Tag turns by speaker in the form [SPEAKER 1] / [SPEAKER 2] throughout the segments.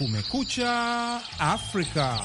[SPEAKER 1] Kumekucha Afrika.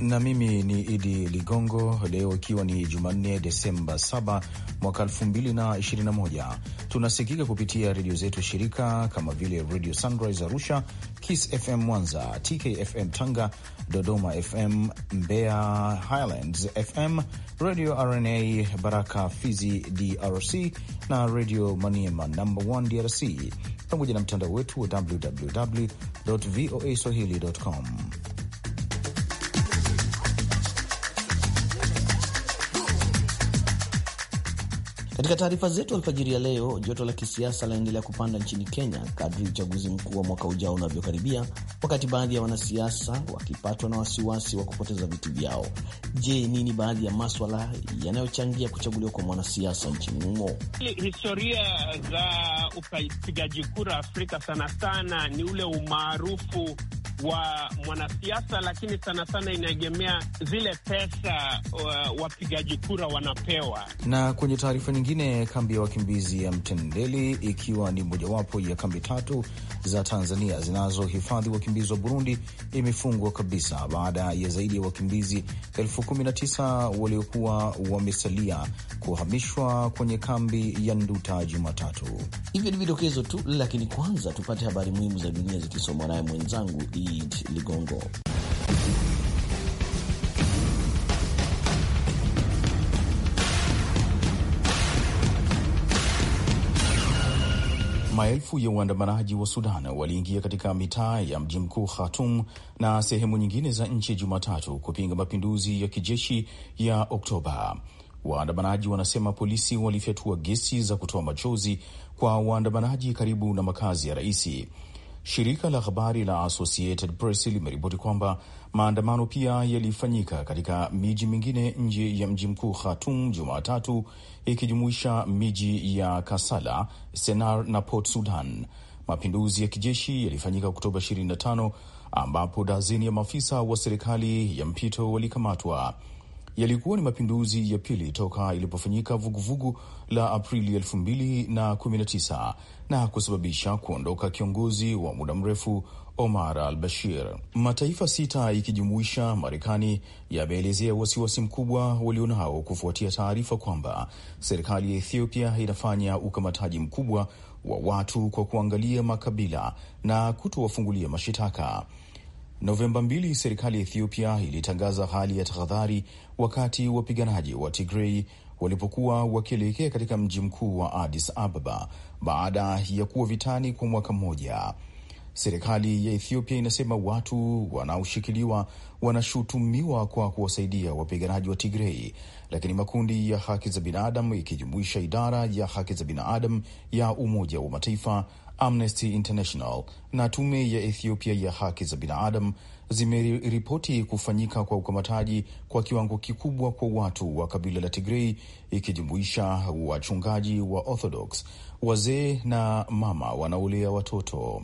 [SPEAKER 2] na mimi ni Idi Ligongo. Leo
[SPEAKER 3] ikiwa ni Jumanne, Desemba 7 mwaka 2021, tunasikika kupitia redio zetu shirika kama vile Radio Sunrise Arusha, Kiss FM Mwanza, TKFM Tanga, Dodoma FM, Mbeya Highlands FM, Radio RNA Baraka Fizi DRC na Radio Maniema Number 1 DRC, pamoja na mtandao wetu wa www voa swahili.com.
[SPEAKER 2] Katika taarifa zetu alfajiri ya leo, joto la kisiasa laendelea kupanda nchini Kenya kadri uchaguzi mkuu wa mwaka ujao unavyokaribia, wakati baadhi ya wanasiasa wakipatwa na wasiwasi wa kupoteza viti vyao. Je, nini baadhi ya maswala yanayochangia kuchaguliwa kwa mwanasiasa nchini humo?
[SPEAKER 1] Historia za upigaji kura Afrika sana sana ni ule umaarufu wa mwanasiasa, lakini sana sana inaegemea zile pesa uh, wapigaji kura wanapewa.
[SPEAKER 3] Na kwenye taarifa nyingine nyingine, kambi ya wakimbizi ya Mtendeli ikiwa ni mojawapo ya kambi tatu za Tanzania zinazohifadhi wakimbizi wa Burundi imefungwa kabisa baada ya zaidi ya wakimbizi elfu kumi na tisa waliokuwa wamesalia kuhamishwa kwenye kambi ya Nduta Jumatatu.
[SPEAKER 2] Hivyo ni vidokezo tu, lakini kwanza tupate habari muhimu za dunia zikisomwa naye mwenzangu Ligongo.
[SPEAKER 3] Maelfu ya waandamanaji wa Sudan waliingia katika mitaa ya mji mkuu Khartoum na sehemu nyingine za nchi Jumatatu kupinga mapinduzi ya kijeshi ya Oktoba. Waandamanaji wanasema polisi walifyatua gesi za kutoa machozi kwa waandamanaji karibu na makazi ya raisi. Shirika la habari la Associated Press limeripoti kwamba Maandamano pia yalifanyika katika miji mingine nje ya mji mkuu Khartoum Jumatatu, ikijumuisha miji ya kasala Sennar na Port Sudan. Mapinduzi ya kijeshi yalifanyika Oktoba 25 ambapo dazeni ya maafisa wa serikali ya mpito walikamatwa. Yalikuwa ni mapinduzi ya pili toka ilipofanyika vuguvugu la Aprili 2019 na kusababisha kuondoka kiongozi wa muda mrefu Omar al Bashir. Mataifa sita ikijumuisha Marekani yameelezea wasiwasi mkubwa walionao kufuatia taarifa kwamba serikali ya Ethiopia inafanya ukamataji mkubwa wa watu kwa kuangalia makabila na kutowafungulia mashitaka. Novemba mbili, serikali ya Ethiopia ilitangaza hali ya tahadhari wakati wapiganaji wa Tigrei walipokuwa wakielekea katika mji mkuu wa Addis Ababa baada ya kuwa vitani kwa mwaka mmoja. Serikali ya Ethiopia inasema watu wanaoshikiliwa wanashutumiwa kwa kuwasaidia wapiganaji wa Tigrei, lakini makundi ya haki za binadamu ikijumuisha idara ya haki za binadamu ya Umoja wa Mataifa, Amnesty International na tume ya Ethiopia ya haki za binadamu zimeripoti kufanyika kwa ukamataji kwa kiwango kikubwa kwa watu wa kabila la Tigrei, ikijumuisha wachungaji wa Orthodox, wazee na mama wanaolea watoto.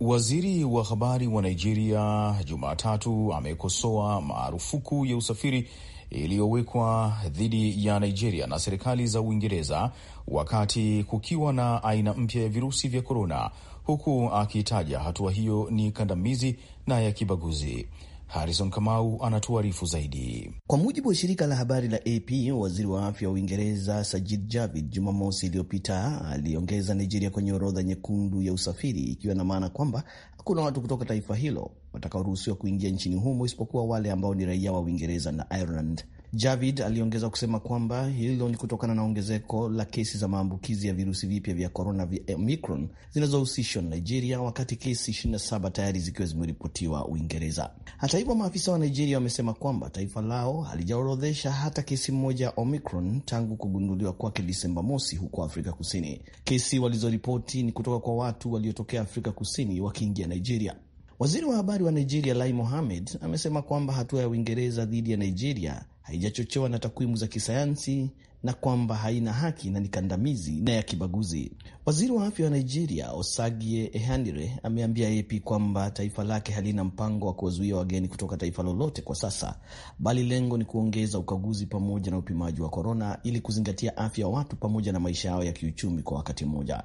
[SPEAKER 3] Waziri wa habari wa Nigeria Jumatatu amekosoa marufuku ya usafiri iliyowekwa dhidi ya Nigeria na serikali za Uingereza wakati kukiwa na aina mpya ya virusi vya korona, huku akitaja hatua hiyo ni kandamizi na ya kibaguzi harison Kamau anatuarifu zaidi.
[SPEAKER 2] Kwa mujibu wa shirika la habari la AP, waziri wa afya wa Uingereza Sajid Javid Jumamosi iliyopita aliongeza Nigeria kwenye orodha nyekundu ya usafiri, ikiwa na maana kwamba hakuna watu kutoka taifa hilo watakaoruhusiwa kuingia nchini humo isipokuwa wale ambao ni raia wa Uingereza na Ireland. Javid aliongeza kusema kwamba hilo ni kutokana na ongezeko la kesi za maambukizi ya virusi vipya vya korona vya Omicron zinazohusishwa na Nigeria, wakati kesi 27 tayari zikiwa zimeripotiwa Uingereza. Hata hivyo, maafisa wa Nigeria wamesema kwamba taifa lao halijaorodhesha hata kesi moja ya Omicron tangu kugunduliwa kwake Disemba mosi huko Afrika Kusini. Kesi walizoripoti ni kutoka kwa watu waliotokea Afrika Kusini wakiingia Nigeria. Waziri wa habari wa Nigeria Lai Mohammed amesema kwamba hatua ya Uingereza dhidi ya Nigeria haijachochewa na takwimu za kisayansi na kwamba haina haki na ni kandamizi na ya kibaguzi. Waziri wa afya wa Nigeria Osagie Ehandire ameambia AP kwamba taifa lake halina mpango wa kuwazuia wageni kutoka taifa lolote kwa sasa, bali lengo ni kuongeza ukaguzi pamoja na upimaji wa korona ili kuzingatia afya ya watu pamoja na maisha yao ya kiuchumi kwa wakati mmoja.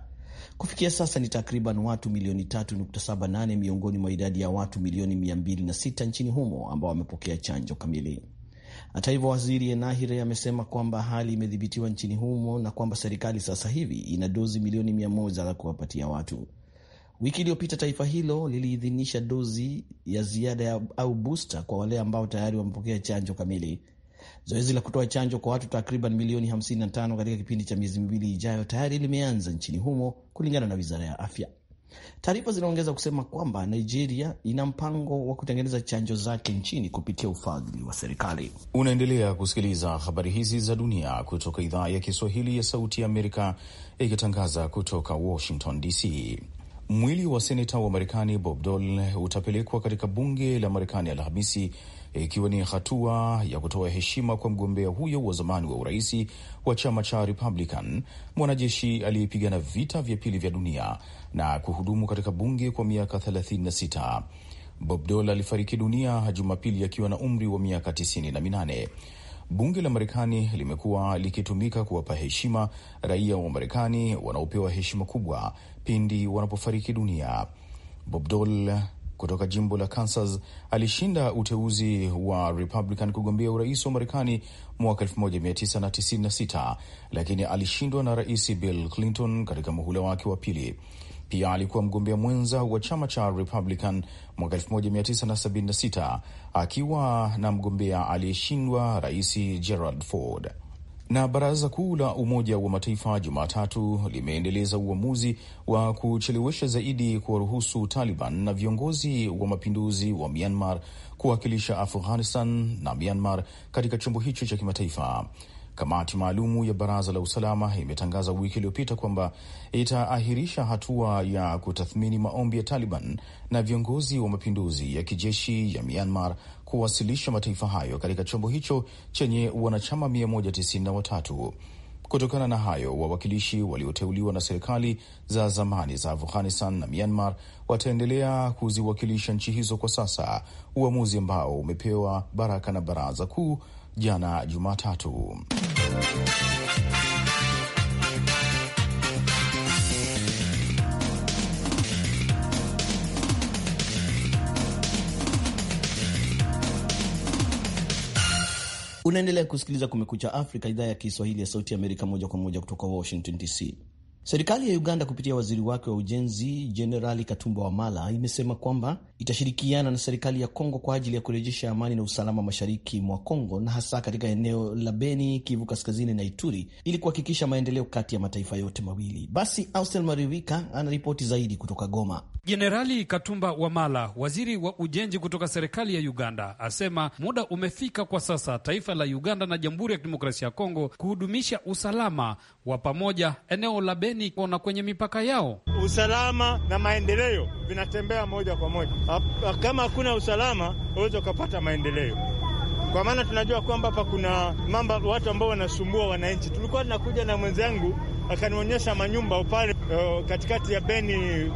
[SPEAKER 2] Kufikia sasa ni takriban watu milioni 3.78 miongoni mwa idadi ya watu milioni 206 nchini humo ambao wamepokea chanjo kamili. Hata hivyo, waziri Enahire amesema kwamba hali imedhibitiwa nchini humo na kwamba serikali sasa hivi ina dozi milioni mia moja za kuwapatia watu. Wiki iliyopita taifa hilo liliidhinisha dozi ya ziada ya au busta kwa wale ambao tayari wamepokea chanjo kamili. Zoezi la kutoa chanjo kwa watu takriban milioni 55 katika kipindi cha miezi miwili ijayo tayari limeanza nchini humo kulingana na wizara ya afya. Taarifa zinaongeza kusema kwamba Nigeria ina mpango wa kutengeneza chanjo zake nchini kupitia ufadhili wa
[SPEAKER 3] serikali. Unaendelea kusikiliza habari hizi za dunia kutoka idhaa ya Kiswahili ya Sauti ya Amerika, ikitangaza kutoka Washington DC. Mwili wa seneta wa Marekani Bob Dole utapelekwa katika bunge la Marekani Alhamisi ikiwa ni hatua ya kutoa heshima kwa mgombea huyo wa zamani wa uraisi wa chama cha Republican, mwanajeshi aliyepigana vita vya pili vya dunia na kuhudumu katika bunge kwa miaka 36. Bob Dole alifariki dunia Jumapili akiwa na umri wa miaka 98. Bunge la Marekani limekuwa likitumika kuwapa heshima raia wa Marekani wanaopewa heshima kubwa pindi wanapofariki dunia. Bob Dole kutoka jimbo la Kansas alishinda uteuzi wa Republican kugombea urais wa Marekani mwaka 1996 lakini alishindwa na Rais Bill Clinton katika muhula wake wa pili. Pia alikuwa mgombea mwenza wa chama cha Republican mwaka 1976 akiwa na mgombea aliyeshindwa Rais Gerald Ford. Na Baraza Kuu la Umoja wa Mataifa Jumatatu limeendeleza uamuzi wa kuchelewesha zaidi kuwaruhusu Taliban na viongozi wa mapinduzi wa Myanmar kuwakilisha Afghanistan na Myanmar katika chombo hicho cha kimataifa. Kamati maalumu ya Baraza la Usalama imetangaza wiki iliyopita kwamba itaahirisha hatua ya kutathmini maombi ya Taliban na viongozi wa mapinduzi ya kijeshi ya Myanmar kuwasilisha mataifa hayo katika chombo hicho chenye wanachama 193. Kutokana na hayo, wawakilishi walioteuliwa na serikali za zamani za Afghanistan na Myanmar wataendelea kuziwakilisha nchi hizo kwa sasa, uamuzi ambao umepewa baraka na Baraza Kuu jana Jumatatu.
[SPEAKER 2] Unaendelea kusikiliza Kumekucha Afrika, idhaa ya Kiswahili ya Sauti ya Amerika, moja kwa moja kutoka Washington DC. Serikali ya Uganda kupitia waziri wake wa ujenzi Jenerali Katumba Wamala imesema kwamba itashirikiana na serikali ya Kongo kwa ajili ya kurejesha amani na usalama mashariki mwa Kongo na hasa katika eneo la Beni, Kivu Kaskazini na Ituri ili kuhakikisha maendeleo kati ya mataifa yote mawili. Basi Austel Marivika anaripoti zaidi kutoka Goma.
[SPEAKER 4] Jenerali Katumba Wamala, waziri wa ujenzi kutoka serikali ya Uganda, asema muda umefika kwa sasa taifa la Uganda na Jamhuri ya Kidemokrasia ya Kongo kuhudumisha usalama wa pamoja eneo la Beni foleni na kwenye
[SPEAKER 5] mipaka yao. Usalama na maendeleo vinatembea moja kwa moja. Kama hakuna usalama, huwezi ukapata maendeleo, kwa maana tunajua kwamba hapa kuna mamba watu ambao wanasumbua wananchi. Tulikuwa tunakuja na mwenzangu akanionyesha manyumba pale uh, eh, katikati ya Beni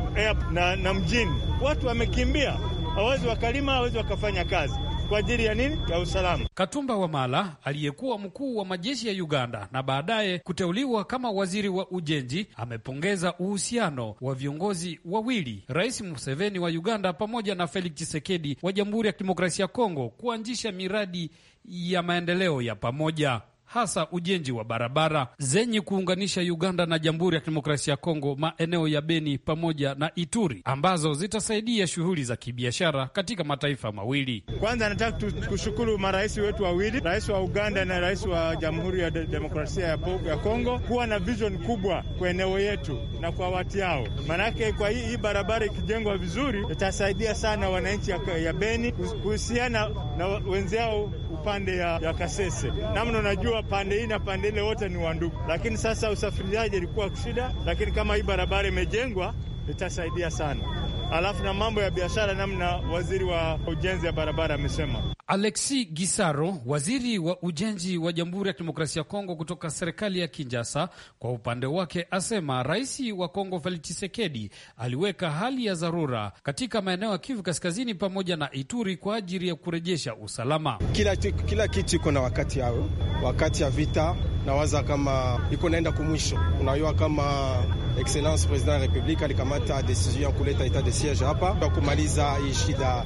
[SPEAKER 5] na, na mjini watu wamekimbia, hawezi wakalima, hawezi wakafanya kazi kwa ajili ya nini? Ya usalama. Katumba Wamala aliyekuwa
[SPEAKER 4] mkuu wa majeshi ya Uganda na baadaye kuteuliwa kama waziri wa ujenzi amepongeza uhusiano wa viongozi wawili, Rais Museveni wa Uganda pamoja na Felix Tshisekedi wa Jamhuri ya Kidemokrasia ya Kongo kuanzisha miradi ya maendeleo ya pamoja hasa ujenzi wa barabara zenye kuunganisha Uganda na Jamhuri ya Kidemokrasia ya Kongo, maeneo ya Beni pamoja na Ituri, ambazo zitasaidia shughuli za kibiashara katika mataifa mawili.
[SPEAKER 5] Kwanza nataka kushukuru marais wetu wawili, rais wa Uganda na rais wa Jamhuri ya Demokrasia ya Kongo, kuwa na vision kubwa kwa eneo yetu na kwa watu yao, manake kwa hii, hii barabara ikijengwa vizuri itasaidia sana wananchi ya, ya Beni kuhusiana na wenzao pande ya, ya Kasese, namna unajua pande hii na pande ile wote ni wandugu, lakini sasa usafirishaji ilikuwa shida, lakini kama hii barabara imejengwa itasaidia sana. Alafu na mambo ya biashara, namna waziri wa ujenzi ya barabara amesema
[SPEAKER 4] Alexi Gisaro, waziri wa ujenzi wa Jamhuri ya Kidemokrasia ya Kongo kutoka serikali ya Kinjasa, kwa upande wake asema rais wa Kongo Felix Tshisekedi aliweka hali ya dharura katika maeneo ya Kivu Kaskazini pamoja na Ituri kwa ajili ya kurejesha usalama.
[SPEAKER 3] Kila, kila kitu iko na wakati yao, wakati ya vita nawaza kama iko naenda kumwisho. Unajua kama excellence president ya republika alikamata decision ya kuleta etat de siege hapa kwa kumaliza hii shida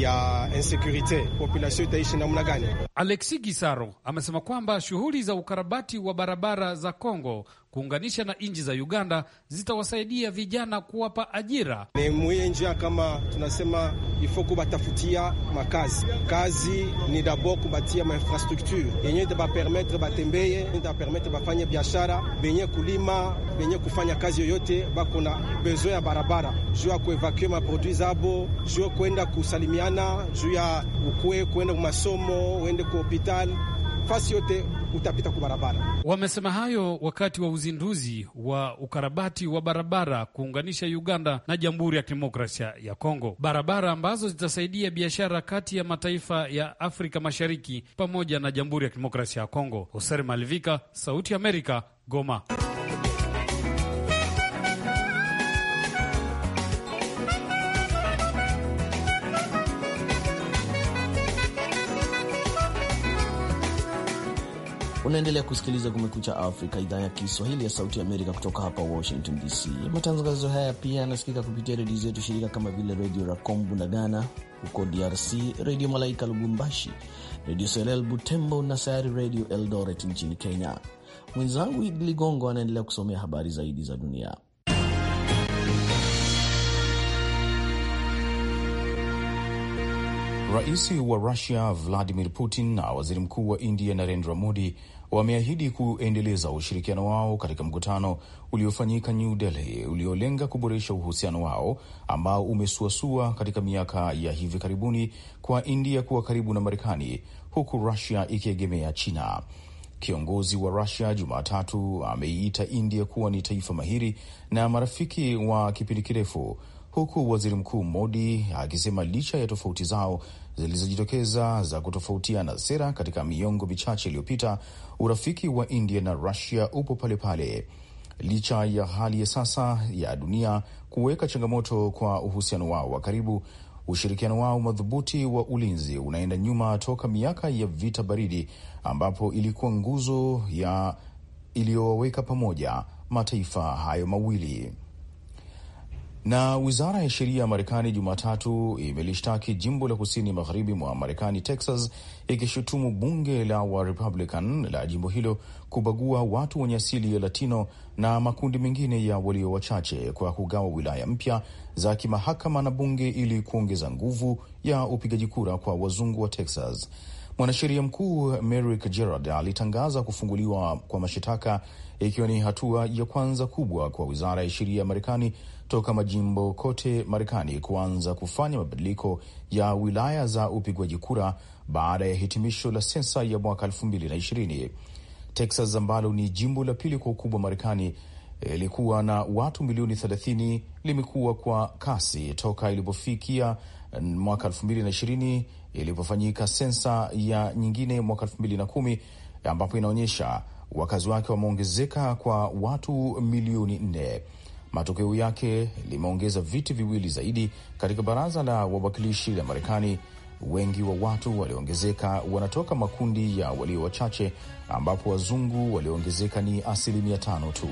[SPEAKER 4] ya insecurity, population itaishi namna gani? Alexi Gisaro amesema kwamba shughuli za ukarabati wa barabara za Kongo kuunganisha na nchi za Uganda zitawasaidia vijana kuwapa ajira.
[SPEAKER 3] Ni mwiye njia kama tunasema ifo kubatafutia makazi kazi, ni dabo kubatia mainfrastrukture yenye tabapermetre batembeye, itabapermetre bafanye biashara, benye kulima, benye kufanya kazi yoyote, bako na besoin ya barabara juu ya kuevakue maproduit zabo, juu ya kwenda kusalimiana, juu ya ukue kwenda kumasomo, uende kuhopital fasi yote utapita kwa barabara.
[SPEAKER 4] Wamesema hayo wakati wa uzinduzi wa ukarabati wa barabara kuunganisha Uganda na Jamhuri ya Kidemokrasia ya Kongo, barabara ambazo zitasaidia biashara kati ya mataifa ya Afrika Mashariki pamoja na Jamhuri ya Kidemokrasia ya Kongo. Hoser Malivika, Sauti ya Amerika, Goma.
[SPEAKER 2] Unaendelea kusikiliza Kumekucha Afrika, idhaa ya Kiswahili ya Sauti ya Amerika kutoka hapa Washington DC. Matangazo haya pia yanasikika kupitia redio zetu shirika kama vile Redio racombu na Ghana huko DRC, Redio Malaika Lubumbashi, Redio Selel Butembo na Sayari Redio Eldoret nchini Kenya. Mwenzangu Idi Ligongo anaendelea kusomea habari zaidi za dunia.
[SPEAKER 3] Rais wa Rusia Vladimir Putin na waziri mkuu wa India Narendra Modi wameahidi kuendeleza ushirikiano wao katika mkutano uliofanyika New Delhi uliolenga kuboresha uhusiano wao ambao umesuasua katika miaka ya hivi karibuni kwa India kuwa karibu na Marekani huku Rusia ikiegemea China. Kiongozi wa Rusia Jumatatu ameiita India kuwa ni taifa mahiri na marafiki wa kipindi kirefu huku waziri mkuu Modi akisema licha ya tofauti zao zilizojitokeza za kutofautiana sera katika miongo michache iliyopita, urafiki wa India na Rusia upo palepale pale. Licha ya hali ya sasa ya dunia kuweka changamoto kwa uhusiano wao wa karibu, ushirikiano wao madhubuti wa ulinzi unaenda nyuma toka miaka ya vita baridi, ambapo ilikuwa nguzo ya iliyowaweka pamoja mataifa hayo mawili. Na wizara ya sheria ya Marekani Jumatatu imelishtaki jimbo la kusini magharibi mwa Marekani, Texas, ikishutumu bunge la Warepublican la jimbo hilo kubagua watu wenye asili ya Latino na makundi mengine ya walio wachache kwa kugawa wilaya mpya za kimahakama na bunge ili kuongeza nguvu ya upigaji kura kwa wazungu wa Texas. Mwanasheria mkuu Merrick Gerard alitangaza kufunguliwa kwa mashitaka ikiwa ni hatua ya kwanza kubwa kwa wizara ya sheria ya Marekani toka majimbo kote Marekani kuanza kufanya mabadiliko ya wilaya za upigwaji kura baada ya hitimisho la sensa ya mwaka 2020. Texas ambalo ni jimbo la pili kwa ukubwa Marekani ilikuwa na watu milioni 30, limekuwa kwa kasi toka ilipofikia mwaka ilipofanyika sensa ya nyingine mwaka elfu mbili na kumi ambapo inaonyesha wakazi wake wameongezeka kwa watu milioni nne. Matokeo yake limeongeza viti viwili zaidi katika baraza la wawakilishi la Marekani. Wengi wa watu walioongezeka wanatoka makundi ya walio wachache, ambapo wazungu walioongezeka ni asilimia tano tu.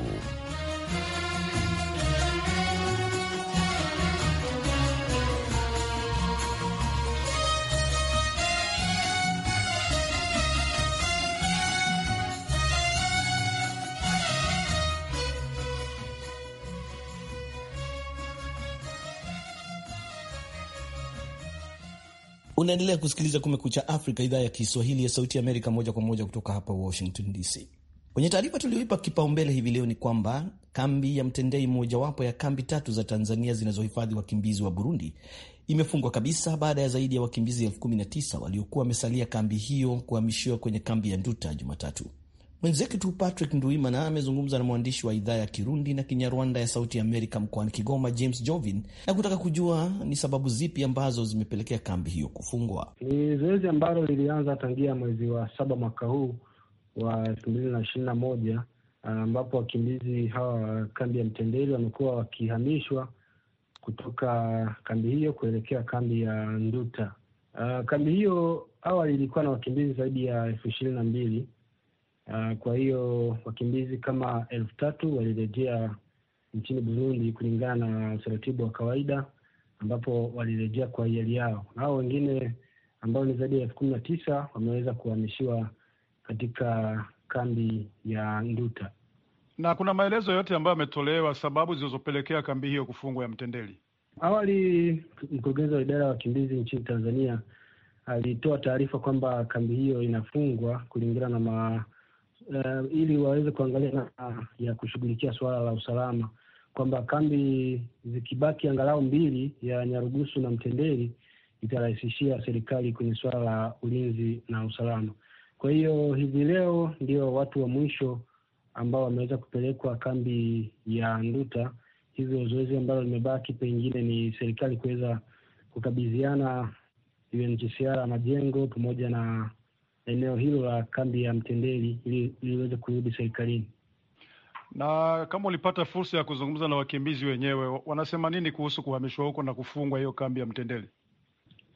[SPEAKER 2] Unaendelea kusikiliza Kumekucha Afrika, idhaa ya Kiswahili ya Sauti ya Amerika, moja kwa moja kutoka hapa Washington DC. Kwenye taarifa tulioipa kipaumbele hivi leo ni kwamba kambi ya Mtendei, mojawapo ya kambi tatu za Tanzania zinazohifadhi wakimbizi wa Burundi, imefungwa kabisa baada ya zaidi ya wakimbizi elfu kumi na tisa waliokuwa wamesalia kambi hiyo kuhamishiwa kwenye kambi ya Nduta Jumatatu. Mwenzetu tu Patrick Nduimana amezungumza na mwandishi wa idhaa ya Kirundi na Kinyarwanda ya Sauti ya Amerika mkoani Kigoma, James Jovin, na kutaka kujua ni sababu zipi ambazo zimepelekea kambi hiyo
[SPEAKER 6] kufungwa. Ni zoezi ambalo lilianza tangia mwezi wa saba mwaka huu wa elfu mbili na ishirini na moja ambapo wakimbizi hawa wa kambi ya Mtendeli wamekuwa wakihamishwa kutoka kambi hiyo kuelekea kambi ya Nduta. Uh, kambi hiyo awali ilikuwa na wakimbizi zaidi ya elfu ishirini na mbili Uh, kwa hiyo wakimbizi kama elfu tatu walirejea nchini Burundi kulingana na utaratibu wa kawaida ambapo walirejea kwa hiari yao, hao wengine ambao ni zaidi ya elfu kumi na tisa wameweza kuhamishiwa katika kambi ya Nduta.
[SPEAKER 3] Na kuna maelezo yote ambayo yametolewa sababu zilizopelekea kambi hiyo kufungwa ya Mtendeli?
[SPEAKER 6] Awali mkurugenzi wa idara ya wakimbizi nchini Tanzania alitoa taarifa kwamba kambi hiyo inafungwa kulingana na ma uh, ili waweze kuangalia namna ya kushughulikia suala la usalama, kwamba kambi zikibaki angalau mbili ya Nyarugusu na Mtendeli itarahisishia serikali kwenye suala la ulinzi na usalama. Kwa hiyo hivi leo ndio watu wa mwisho ambao wameweza kupelekwa kambi ya Nduta, hivyo zoezi ambalo limebaki pengine ni serikali kuweza kukabidhiana UNHCR majengo pamoja na eneo hilo la kambi ya Mtendeli ili liweze kurudi serikalini.
[SPEAKER 3] Na kama ulipata fursa ya kuzungumza na wakimbizi wenyewe, wanasema nini kuhusu kuhamishwa huko na kufungwa hiyo kambi ya Mtendeli?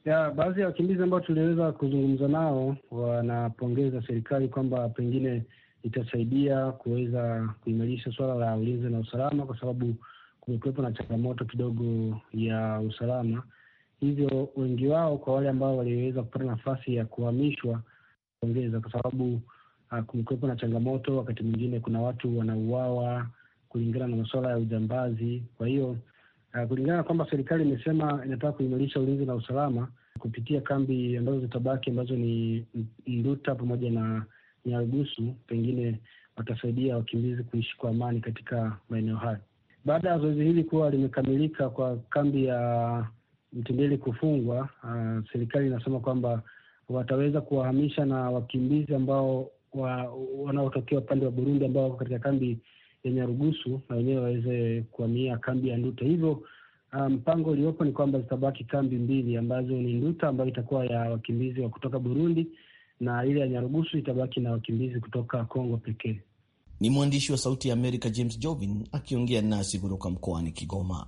[SPEAKER 6] Ya, baadhi ya wakimbizi ambao tuliweza kuzungumza nao wanapongeza serikali kwamba pengine itasaidia kuweza kuimarisha suala la ulinzi na usalama, kwa sababu kumekuwepo na changamoto kidogo ya usalama. Hivyo wengi wao, kwa wale ambao waliweza kupata nafasi ya kuhamishwa, ongeza kwa sababu uh, kumekuwepo na changamoto. Wakati mwingine kuna watu wanauawa kulingana na masuala ya ujambazi. Kwa hiyo uh, kulingana na kwamba serikali imesema inataka kuimarisha ulinzi na usalama kupitia kambi ambazo zitabaki ambazo ni Nduta pamoja na Nyarugusu, pengine watasaidia wakimbizi kuishi kwa amani katika maeneo hayo. Baada ya zoezi hili kuwa limekamilika kwa kambi ya Mtendeli kufungwa, uh, serikali inasema kwamba wataweza kuwahamisha na wakimbizi ambao wa, wanaotokea upande wa Burundi ambao wako katika kambi ya Nyarugusu na wenyewe waweze kuhamia kambi ya Nduta. Hivyo ah, mpango um, uliopo ni kwamba zitabaki kambi mbili ambazo ni Nduta ambayo itakuwa ya wakimbizi wa kutoka Burundi na ile ya Nyarugusu itabaki na wakimbizi kutoka Kongo pekee.
[SPEAKER 2] Ni mwandishi wa Sauti ya Amerika James Jovin akiongea nasi kutoka mkoani Kigoma.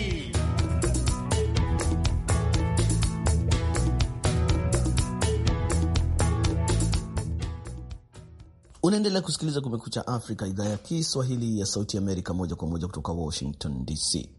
[SPEAKER 2] Unaendelea kusikiliza Kumekucha Afrika, idhaa ya Kiswahili ya Sauti Amerika, moja kwa moja kutoka Washington DC.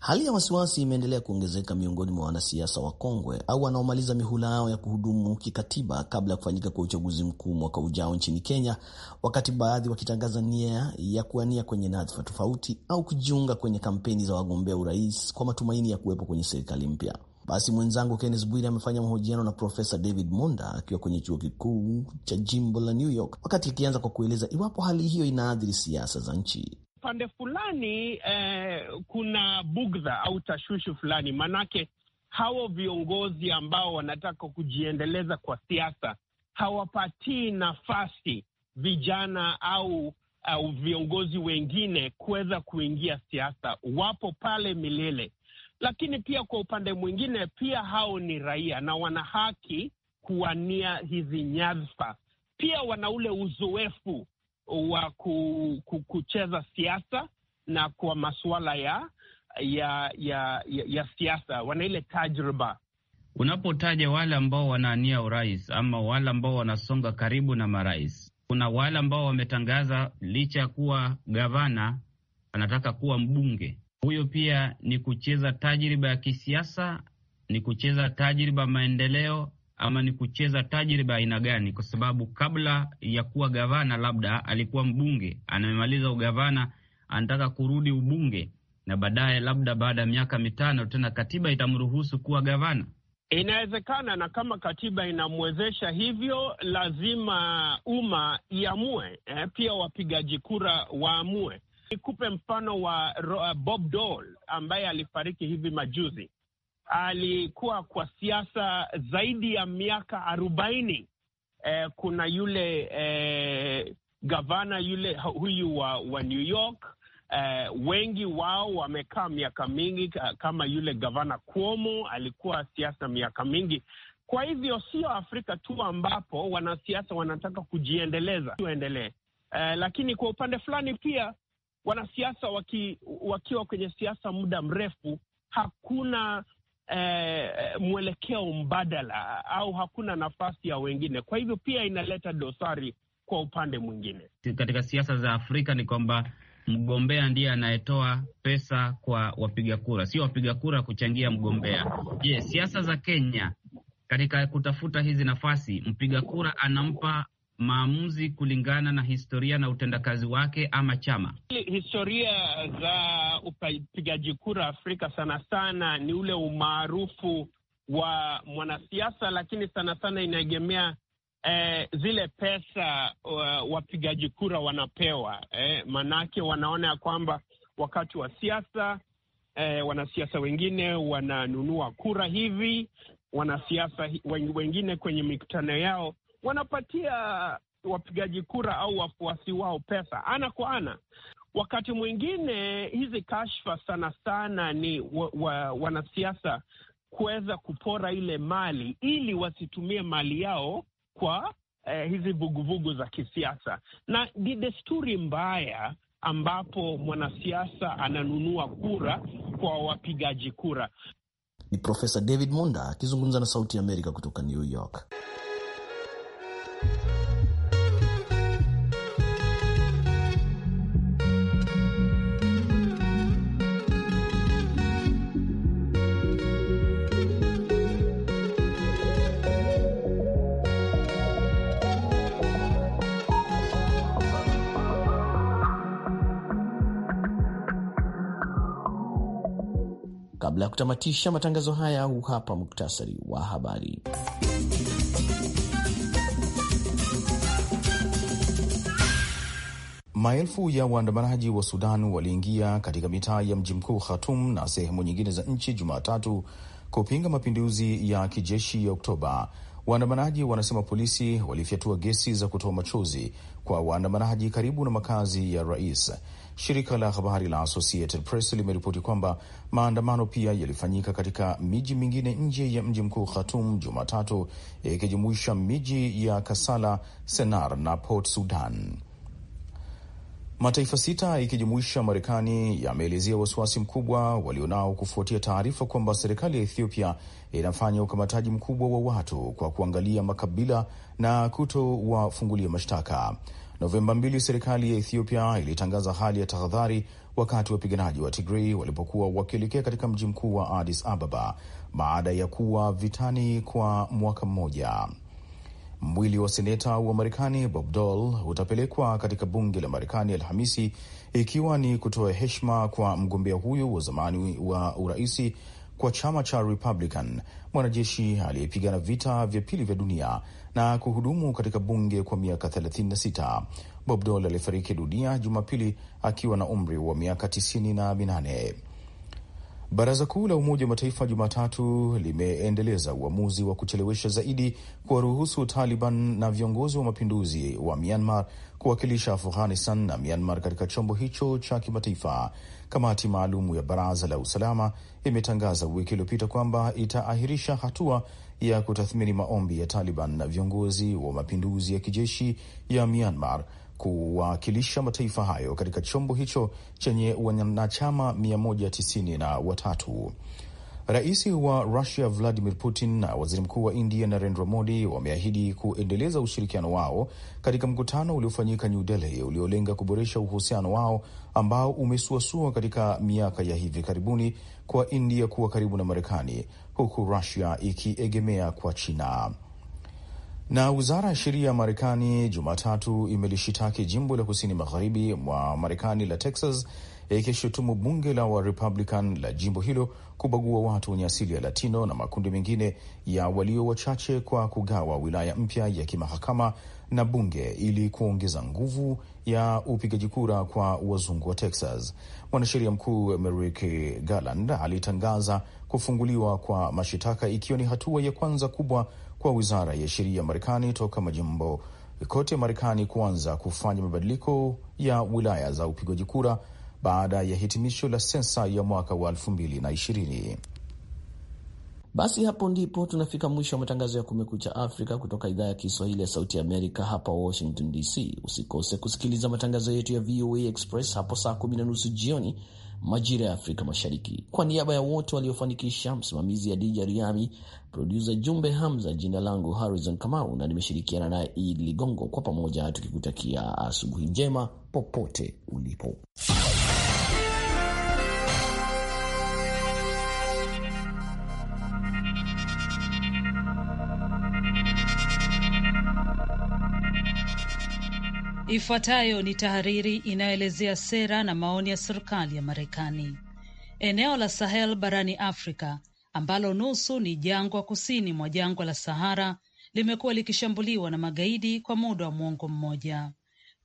[SPEAKER 2] Hali ya wasiwasi imeendelea kuongezeka miongoni mwa wanasiasa wakongwe au wanaomaliza mihula yao ya kuhudumu kikatiba kabla ya kufanyika kwa uchaguzi mkuu mwaka ujao nchini Kenya, wakati baadhi wakitangaza nia ya kuania kwenye nadhifa tofauti au kujiunga kwenye kampeni za wagombea urais kwa matumaini ya kuwepo kwenye serikali mpya. Basi mwenzangu Kennes Bwire amefanya mahojiano na Profesa David Monda akiwa kwenye chuo kikuu cha jimbo la New York, wakati akianza kwa kueleza iwapo hali hiyo inaathiri siasa za nchi.
[SPEAKER 1] Pande fulani eh, kuna bugdha au tashwishi fulani, maanake hawa viongozi ambao wanataka kujiendeleza kwa siasa hawapatii nafasi vijana au au viongozi wengine kuweza kuingia siasa, wapo pale milele lakini pia kwa upande mwingine pia hao ni raia na wana haki kuwania hizi nyadhifa, pia wana ule uzoefu wa kucheza siasa na kwa masuala ya ya ya, ya, ya siasa, wana ile tajriba.
[SPEAKER 7] Unapotaja wale ambao wanaania urais ama wale ambao wanasonga karibu na marais, kuna wale ambao wametangaza licha ya kuwa gavana anataka kuwa mbunge huyo pia ni kucheza tajriba ya kisiasa, ni kucheza tajriba maendeleo, ama ni kucheza tajriba aina gani? Kwa sababu kabla ya kuwa gavana, labda alikuwa mbunge, anamemaliza ugavana, anataka kurudi ubunge, na baadaye, labda baada ya miaka mitano tena, katiba itamruhusu kuwa gavana.
[SPEAKER 1] Inawezekana, na kama katiba inamwezesha hivyo, lazima umma iamue, eh, pia wapigaji kura waamue. Nikupe mfano wa uh, Bob Dole ambaye alifariki hivi majuzi. Alikuwa kwa siasa zaidi ya miaka arobaini. Eh, kuna yule eh, gavana yule huyu wa, wa New York eh, wengi wao wamekaa miaka mingi, kama yule gavana Cuomo alikuwa siasa miaka mingi. Kwa hivyo sio Afrika tu ambapo wanasiasa wanataka kujiendeleza tuendelee, eh, lakini kwa upande fulani pia wanasiasa waki, wakiwa kwenye siasa muda mrefu hakuna eh, mwelekeo mbadala au hakuna nafasi ya wengine. Kwa hivyo pia inaleta dosari kwa upande mwingine.
[SPEAKER 7] Katika siasa za Afrika ni kwamba mgombea ndiye anayetoa pesa kwa wapiga kura, sio wapiga kura kuchangia mgombea. Je, yes, siasa za Kenya katika kutafuta hizi nafasi, mpiga kura anampa maamuzi kulingana na historia na utendakazi wake ama chama.
[SPEAKER 1] Historia za upigaji kura Afrika sana sana ni ule umaarufu wa mwanasiasa, lakini sana sana inaegemea eh, zile pesa uh, wapigaji kura wanapewa eh, maanake wanaona ya kwamba wakati wa siasa eh, wanasiasa wengine wananunua kura hivi, wanasiasa wengine kwenye mikutano yao wanapatia wapigaji kura au wafuasi wao pesa ana kwa ana. Wakati mwingine hizi kashfa sana sana ni wa, wa, wanasiasa kuweza kupora ile mali ili wasitumie mali yao kwa eh, hizi vuguvugu za kisiasa, na ni desturi mbaya ambapo mwanasiasa ananunua kura kwa wapigaji kura.
[SPEAKER 2] Ni Profesa David Munda akizungumza na Sauti ya Amerika kutoka New York. Kabla ya kutamatisha matangazo haya, huu hapa muktasari wa habari.
[SPEAKER 3] Maelfu ya waandamanaji wa Sudan waliingia katika mitaa ya mji mkuu Khartoum na sehemu nyingine za nchi Jumatatu kupinga mapinduzi ya kijeshi ya Oktoba. Waandamanaji wanasema polisi walifyatua gesi za kutoa machozi kwa waandamanaji karibu na makazi ya rais. Shirika la habari la Associated Press limeripoti kwamba maandamano pia yalifanyika katika miji mingine nje ya mji mkuu Khartoum Jumatatu, ikijumuisha miji ya kasala Sennar na Port Sudan. Mataifa sita ikijumuisha Marekani yameelezea wasiwasi mkubwa walionao kufuatia taarifa kwamba serikali ya Ethiopia inafanya ukamataji mkubwa wa watu kwa kuangalia makabila na kutowafungulia mashtaka. Novemba mbili, serikali ya Ethiopia ilitangaza hali ya tahadhari wakati wapiganaji wa Tigrei walipokuwa wakielekea katika mji mkuu wa Addis Ababa baada ya kuwa vitani kwa mwaka mmoja. Mwili wa seneta wa Marekani Bob Dole utapelekwa katika bunge la Marekani Alhamisi, ikiwa ni kutoa heshima kwa mgombea huyo wa zamani wa uraisi kwa chama cha Republican, mwanajeshi aliyepigana vita vya pili vya dunia na kuhudumu katika bunge kwa miaka 36. Bob Dole alifariki dunia Jumapili akiwa na umri wa miaka tisini na minane. Baraza Kuu la Umoja wa Mataifa Jumatatu limeendeleza uamuzi wa kuchelewesha zaidi kuwaruhusu Taliban na viongozi wa mapinduzi wa Myanmar kuwakilisha Afghanistan na Myanmar katika chombo hicho cha kimataifa. Kamati maalumu ya Baraza la Usalama imetangaza wiki iliyopita kwamba itaahirisha hatua ya kutathmini maombi ya Taliban na viongozi wa mapinduzi ya kijeshi ya Myanmar kuwakilisha mataifa hayo katika chombo hicho chenye wanachama mia moja tisini na watatu. Rais wa Rusia Vladimir Putin na waziri mkuu wa India Narendra Modi wameahidi kuendeleza ushirikiano wao katika mkutano uliofanyika New Delhi uliolenga kuboresha uhusiano wao ambao umesuasua katika miaka ya hivi karibuni kwa India kuwa karibu na Marekani huku Rusia ikiegemea kwa China. Na wizara ya sheria ya Marekani Jumatatu imelishitaki jimbo la kusini magharibi mwa Marekani la Texas, ikishutumu bunge la Warepublican la jimbo hilo kubagua watu wenye asili ya Latino na makundi mengine ya walio wachache kwa kugawa wilaya mpya ya kimahakama na bunge ili kuongeza nguvu ya upigaji kura kwa wazungu wa Texas. Mwanasheria mkuu Merrick Garland alitangaza kufunguliwa kwa mashitaka ikiwa ni hatua ya kwanza kubwa kwa wizara ya sheria ya Marekani toka majimbo kote Marekani kuanza kufanya mabadiliko ya wilaya za upigaji kura
[SPEAKER 2] baada ya hitimisho la sensa ya mwaka wa elfu mbili na ishirini. Basi hapo ndipo tunafika mwisho wa matangazo ya Kumekucha Afrika kutoka idhaa ya Kiswahili ya Sauti Amerika, hapa Washington DC. Usikose kusikiliza matangazo yetu ya VOA Express hapo saa kumi na nusu jioni majira ya Afrika Mashariki. Kwa niaba ya wote waliofanikisha, msimamizi ya DJ Riami, produsa Jumbe Hamza, jina langu Harrison Kamau na nimeshirikiana naye Id Ligongo, kwa pamoja tukikutakia asubuhi njema popote ulipo.
[SPEAKER 8] Ifuatayo ni tahariri inayoelezea sera na maoni ya serikali ya Marekani. Eneo la Sahel barani Afrika ambalo nusu ni jangwa kusini mwa jangwa la Sahara limekuwa likishambuliwa na magaidi kwa muda wa mwongo mmoja.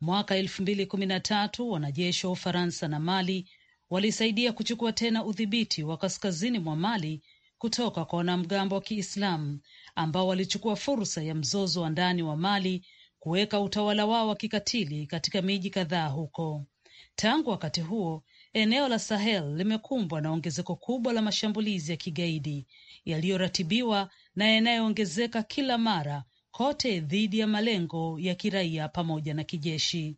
[SPEAKER 8] Mwaka elfu mbili kumi na tatu wanajeshi wa Ufaransa na Mali walisaidia kuchukua tena udhibiti wa kaskazini mwa Mali kutoka kwa wanamgambo wa Kiislamu ambao walichukua fursa ya mzozo wa ndani wa Mali kuweka utawala wao wa kikatili katika miji kadhaa huko. Tangu wakati huo, eneo la Sahel limekumbwa na ongezeko kubwa la mashambulizi ya kigaidi yaliyoratibiwa na yanayoongezeka kila mara kote dhidi ya malengo ya kiraia pamoja na kijeshi.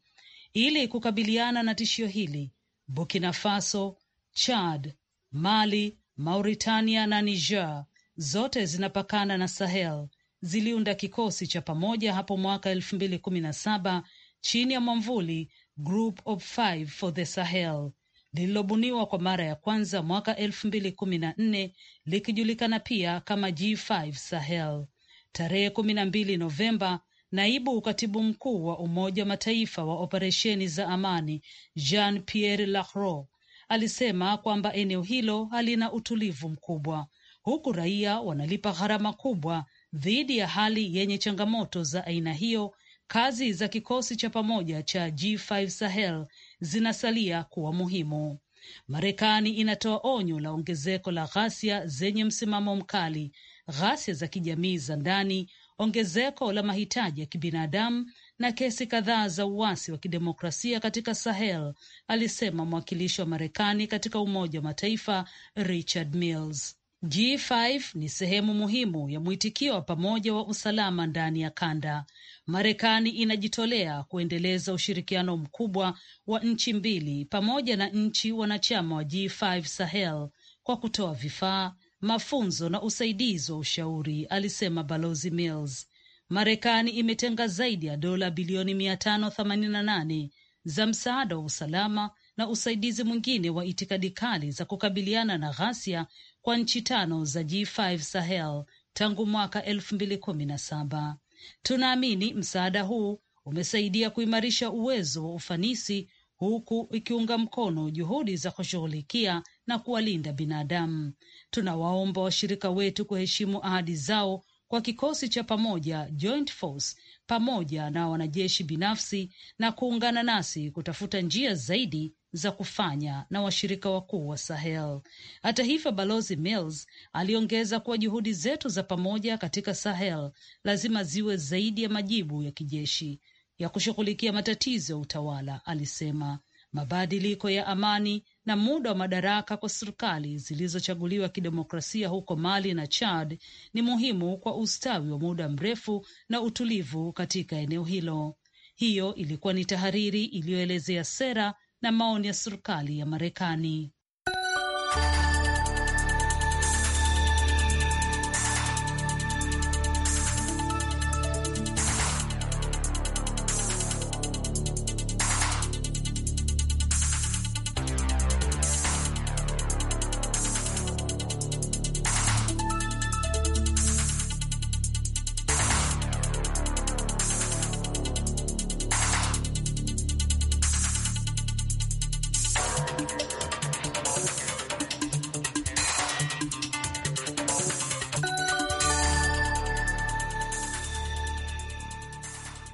[SPEAKER 8] Ili kukabiliana na tishio hili, Burkina Faso, Chad, Mali, Mauritania na Niger zote zinapakana na Sahel ziliunda kikosi cha pamoja hapo mwaka elfu mbili kumi na saba chini ya mwamvuli Group of Five for the Sahel lililobuniwa kwa mara ya kwanza mwaka elfu mbili kumi na nne likijulikana pia kama G5 Sahel. Tarehe kumi na mbili Novemba, naibu katibu mkuu wa Umoja wa Mataifa wa operesheni za amani Jean Pierre Lacroix alisema kwamba eneo hilo halina utulivu mkubwa, huku raia wanalipa gharama kubwa Dhidi ya hali yenye changamoto za aina hiyo, kazi za kikosi cha pamoja cha G5 Sahel zinasalia kuwa muhimu. Marekani inatoa onyo la ongezeko la ghasia zenye msimamo mkali, ghasia za kijamii za ndani, ongezeko la mahitaji ya kibinadamu na kesi kadhaa za uasi wa kidemokrasia katika Sahel, alisema mwakilishi wa Marekani katika Umoja wa Mataifa Richard Mills. G5 ni sehemu muhimu ya mwitikio wa pamoja wa usalama ndani ya kanda. Marekani inajitolea kuendeleza ushirikiano mkubwa wa nchi mbili pamoja na nchi wanachama wa G5 Sahel kwa kutoa vifaa, mafunzo na usaidizi wa ushauri, alisema Balozi Mills. Marekani imetenga zaidi ya dola bilioni 588 za msaada wa usalama na usaidizi mwingine wa itikadi kali za kukabiliana na ghasia kwa nchi tano za G5 Sahel tangu mwaka elfu mbili kumi na saba. Tunaamini msaada huu umesaidia kuimarisha uwezo wa ufanisi huku ikiunga mkono juhudi za kushughulikia na kuwalinda binadamu. Tunawaomba washirika wetu kuheshimu ahadi zao kwa kikosi cha pamoja Joint Force pamoja na wanajeshi binafsi na kuungana nasi kutafuta njia zaidi za kufanya na washirika wakuu wa Sahel. Hata hivyo, balozi Mills aliongeza kuwa juhudi zetu za pamoja katika Sahel lazima ziwe zaidi ya majibu ya kijeshi ya kushughulikia matatizo ya utawala. Alisema mabadiliko ya amani na muda wa madaraka kwa serikali zilizochaguliwa kidemokrasia huko Mali na Chad ni muhimu kwa ustawi wa muda mrefu na utulivu katika eneo hilo. Hiyo ilikuwa ni tahariri iliyoelezea sera na maoni ya serikali ya Marekani.